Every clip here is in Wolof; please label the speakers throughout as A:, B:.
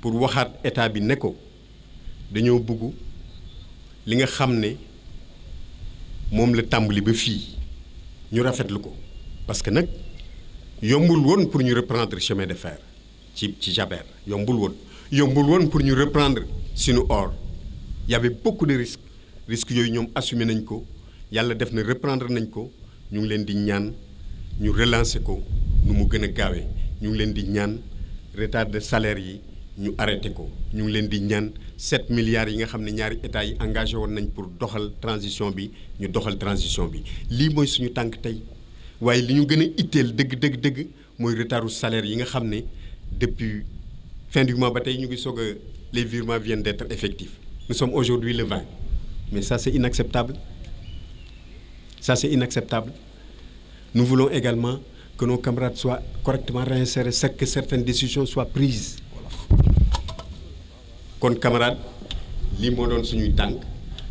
A: pour waxaat état bi ne ko dañoo bugg li nga xam ne moom la tàmbali ba fii ñu rafetlu ko parce que nag yombul woon pour ñu reprendre chemin de fer ci ci Jaber yombul woon yombul woon pour ñu reprendre suñu or y avait beaucoup de risques risques yooyu ñoom assumé nañ ko yàlla def na reprendre nañ ko ñu ngi leen di ñaan ñu relancer ko nu mu gën a gaawee ñu ngi leen di ñaan retard de salaire yi ñu arrêté ko ñu ngi leen di ñaan 7 milliards yi nga xam ne ñaari état yi engagé woon nañ pour doxal transition bi ñu doxal transition bi lii mooy suñu tànk tey waaye li ñu gën a itteel dëgg dëgg dëgg mooy retardu salaire yi nga xam ne depuis fin du mois ba tey ñu ngi soog a les virements viennent d'être effectifs nous sommes aujourd'hui le 20 mais ça c'est inacceptable ça c'est inacceptable nous voulons également que nos camarades soient correctement réinsérés c'est que certaines décisions soient prises kon camarade lii moo doon suñuy tànk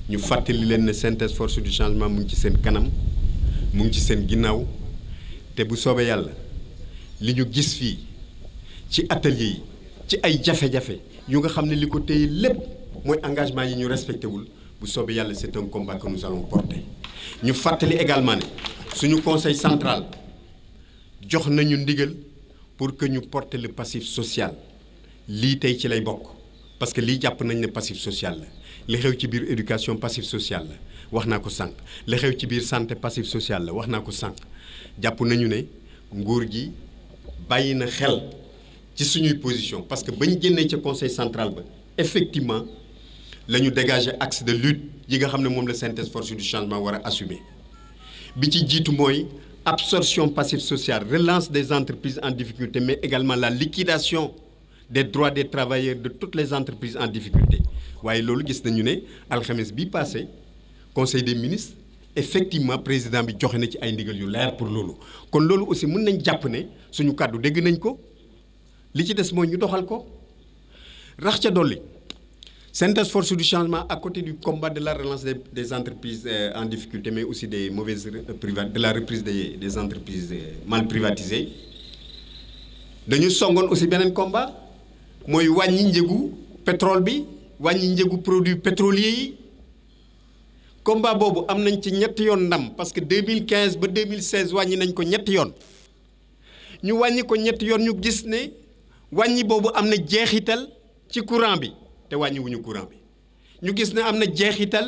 A: ñu fàttali leen ne CNTS force du changement mu ngi ci seen kanam mu ngi ci seen ginnaaw te bu soobee yàlla li ñu gis fii ci atelier yi ci ay jafe-jafe yu nga xam ne li ko téye lépp mooy engagement yi ñu respecté wul bu soobee yàlla c'est un combat que nous allons porter ñu fàttali également ne suñu conseil central jox nañu ndigal pour que ñu porter le passif social lii tey ci lay bokk. parce que lii jàpp nañ ne passif social la li xew ci biir éducation passif social la wax naa ko sànq li xew ci biir santé passif social la wax naa ko sànq jàpp nañu ne nguur ji bàyyi na xel ci suñuy position parce que bañ génnee ca conseil central ba effectivement la ñu dégager axe de lutte yi nga xam ne moom la synthèse force du changement war a assumer bi ci jiitu mooy absorption passif sociale relance des entreprises en difficulté mais également la liquidation des droits des travailleurs de toutes les entreprises en difficulté waaye loolu gis nañu ne alxames bi passé conseil des ministres effectivement président bi joxe na ci ay ndigal yu leer pour loolu kon loolu aussi mën nañ jàpp ne suñu kàddu dégg nañ ko li ci des mooy ñu doxal ko rax ca dolli synthèse force du changement à côté du combat de la relance des entreprises euh, en difficulté mais aussi des mauvaises euh, privatisations de la reprise des entreprises euh, mal privatisées dañu songoon aussi beneen combat mooy wàññi njëgu pétrole bi wàññi njëgu produit pétrolier yi combat boobu am nañ ci ñetti yoon ndam parce que 2015 ba 2016 wàññi nañ ko ñetti yoon ñu wàññi ko ñetti yoon ñu gis ne wàññi boobu am na jeexital ci courant bi te wàññiwuñu courant bi ñu gis ne am na jeexital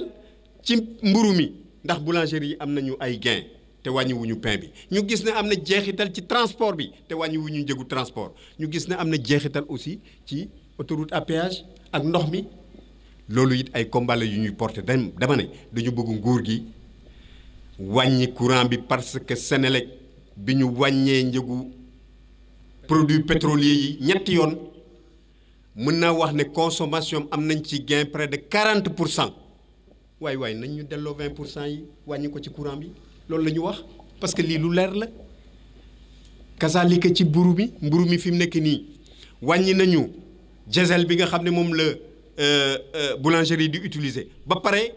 A: ci mburu mi ndax boulangerie yi am nañu ay gain te wàññiwuñu pain bi ñu gis ne am na jeexital ci transport bi te wàññiwuñu njëgu transport ñu gis ne am na jeexital aussi ci autoroute à ak ndox mi loolu it ay combat yu ñuy porté dem demane dañu bëgg nguur gi wàññi courant bi parce que Sénélec bi ñu wàññee njëgu produit pétroliers yi ñetti yoon mën naa wax ne consomation am nañ ci gain près de 40 pour cent waaye waaye nañ ñu delloo 20 pour cent yi wàññi ko ci courant bi. loolu la ñu wax parce que lii lu leer la kasaalika ci mburu mi mburu mi fi mu nekk nii wàññi nañu diesel bi nga xam ne moom la euh, euh, boulangerie di utiliser ba pare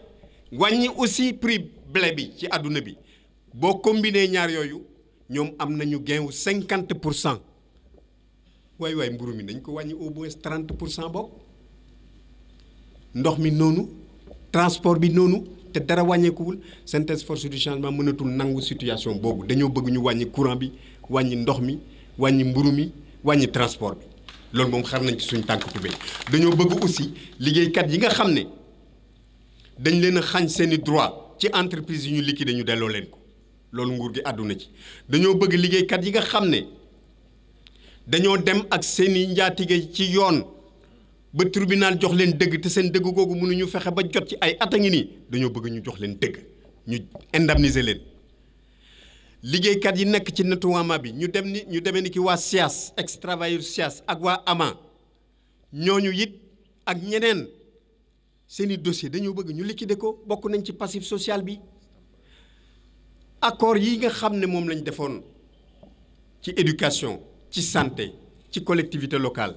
A: wàññi aussi prix blé bi ci àdduna bi boo combiner ñaar yooyu ñoom am nañu gain wu cinquante pour cent waay waay mburu mi dañ ko wàññi au moins trente pour cent bokk ndox mi noonu transport bi noonu te dara wàññeekuwul synthèse force du changement mënatul nangu situation boobu dañoo bëgg ñu wàññi courant bi wàññi ndox mi wàññi mburu mi wàññi transport bi loolu moom xar nañ ci suñu tànk tubéy dañoo bëgg aussi liggéeykat yi nga xam ne dañ leen a xañ seeni droit ci entreprise yi ñu liquidé dañu delloo leen ko loolu nguur gi àdduna ci dañoo bëgg liggéeykat yi nga xam ne dañoo dem ak seeni njaatige ci yoon ba tribunal jox leen dëgg te seen dëgg googu mënuñu fexe ba jot ci ay at a ngi nii dañoo bëgg ñu jox leen dëgg ñu indemniser leen liggéeykat yi nekk ci nettoiement bi ñu dem ni ñu demee ni ki waa SIAS ex travailleur SIAS ak waa AMA ñooñu yit ak ñeneen seen i dossier dañoo bëgg ñu liquider ko bokk nañ ci passif social bi accord yi nga xam ne moom lañ defoon ci éducation ci santé ci collectivité locale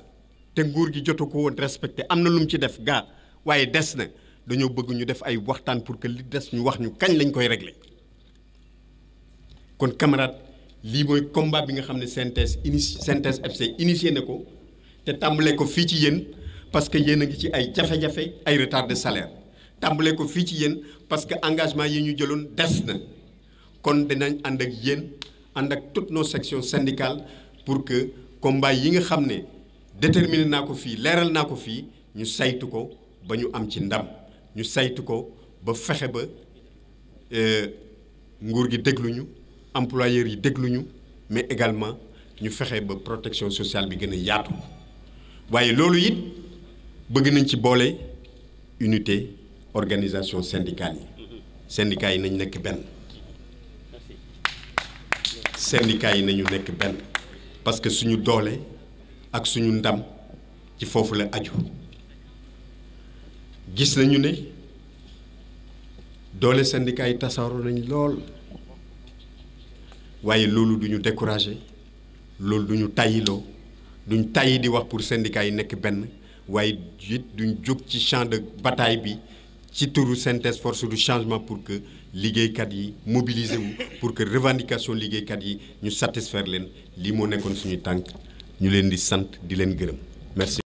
A: te nguur gi jotu ko woon respecté am na lu mu ci def gaa waaye des na dañoo bëgg ñu def ay waxtaan pour que li des ñu wax ñu kañ lañ koy réglé kon camarade lii mooy combat bi nga xam ne CNTS initie CNTS FC initié na ko te tàmbalee ko fii ci yéen parce que yéen a ngi ci ay jafe-jafe ay retard de salaire tàmbalee ko fii ci yéen parce que engagement yi ñu jëloon des na kon dinañ ànd ak yéen ànd ak toutes nos sections syndicales pour que combat yi nga xam ne. déterminé naa ko fii leeral naa ko fii ñu saytu ko ba ñu am ci ndam ñu saytu ko ba fexe ba euh, nguur gi dégluñu employeurs yi ñu mais également ñu fexe ba protection sociale bi gën a yaatu waaye loolu it bëgg nañ ci boole unité organisation syndicale yi syndicats yi nañ nekk benn syndicats yi nañu nekk benn parce que suñu doole ak suñu ndam ci foofu la aju gis nañu ne doole syndicat yi tasaaroo nañ lool waaye loolu duñu découragé loolu duñu tàyyiloo duñ tàyyi di wax pour syndicat yi nekk benn waaye it duñ jóg ci chande de bataille bi ci turu synthèse force du changement pour que liggéeykat yi mobiliser wu pour que revendication liggéeykat yi ñu satisfaire leen lii moo nekkoon suñuy tànk ñu leen di sant di leen gërëm